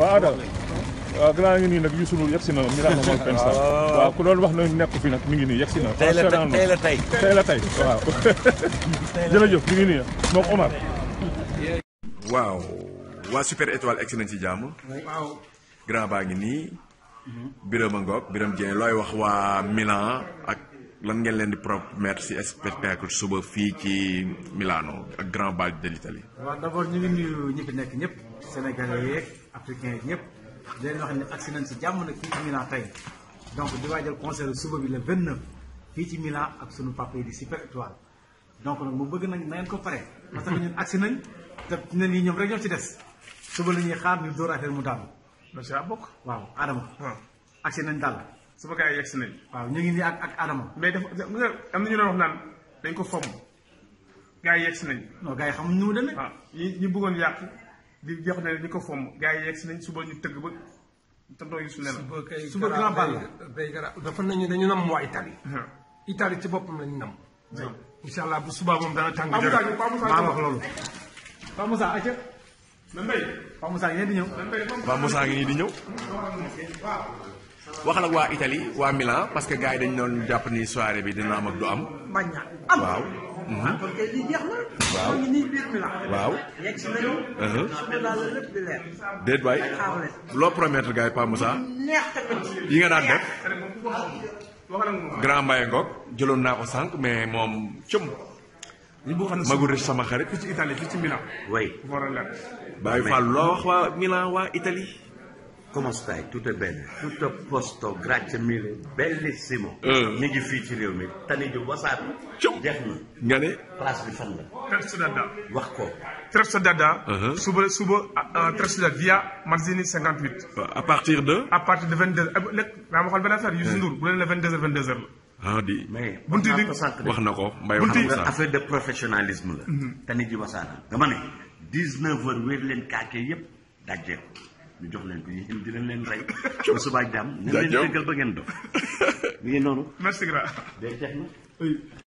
waaw Adama waaw gannaaw ngi nii nag Youssou Ndour si na la mi daal ku doon wax na nekku fi nag mi ngi nii yegg si na. tey la tey la tey tey Omar. waaw waa Super Étoile egg nañ ci jàmm. grand baa ngi nii. Birame ngoog Birame Dieng looy wax waa Milan ak lan ngeen leen di promettre ci spectacle suba fii ci Milano ak grand bal de l'Italie. africain yi ñëpp di leen wax ne agsi nañ si jàmm nag fii ci Milan tey donc di waajal concert suba bi le 29 fii ci Milan ak sunu papa yi di Super Étoile donc nag mu bëgg nañ na ko pare parce que ñun agsi nañ te ne nii ñoom rek ñoo la ñuy xaar ñu dóor affaire mu daanu. monsieur a bokk waaw nañ daal. suba gars yi yegsi nañ. waaw ñu ngi nii ak ak Adama. mais dafa am na ñu doon wax naan dañ ko fomm gars yi yegsi nañ. non gars yi xamuñ nu mu demee. waaw ah, bëggoon yàq. di jox ne ñu ko fomm gars yi yegg si nañ suba ñu tëgg ba tonton Youssou ne la suba grand bal la dafa nañu dañu nam waa Italie Italie ci boppam lañu nam incha allah bu subaa moom dana tàng jërëjëf maa wax loolu Pa Moussa acca na mbay Pa Moussa ngi di ñëw Pa nii di ñëw wax ak waa Italie waa Milan parce que gars yi dañu doon jàpp ni soirée bi dina am ak du am waaw kon kay lii jeex na. waaw waaw yegg si uh-huh. loo promettre gars yi yi nga daan def. grand Mbaye Ngok jëloon naa ko sànq mais moom cëm. magu sama xarit. fii ci Italie fii ci Milan. way Baye loo wax waa Milan waa Italie. come stai? a posto, grazie mille, bellissimo. Mm. mi ngi fii ci réew mi Tani Diop wasaare. cëw jeex na. nga ne. place bi fan la. Terza Dada. wax ko. Terza Dada. Uh-huh. suba suba Terza Dada via Marzini 58. à partir de. à partir de 22 ak lépp daa ma xool benn affaire Youssou eh. Ndour bu leen ne 22h 22h la. ah di. mais bunti bi wax na ko mbay wax na ko affaire de professionnalisme la. Tani Diop wasaare. dama ne 19h wér leen kàkkee yëpp dajee ko. ñu jox leen ko yéen dinañ leen rey ba subaa jàmm. jaajëf dinañ leen dëggal ba ngeen dof mi ngi noonu. merci grand. day jeex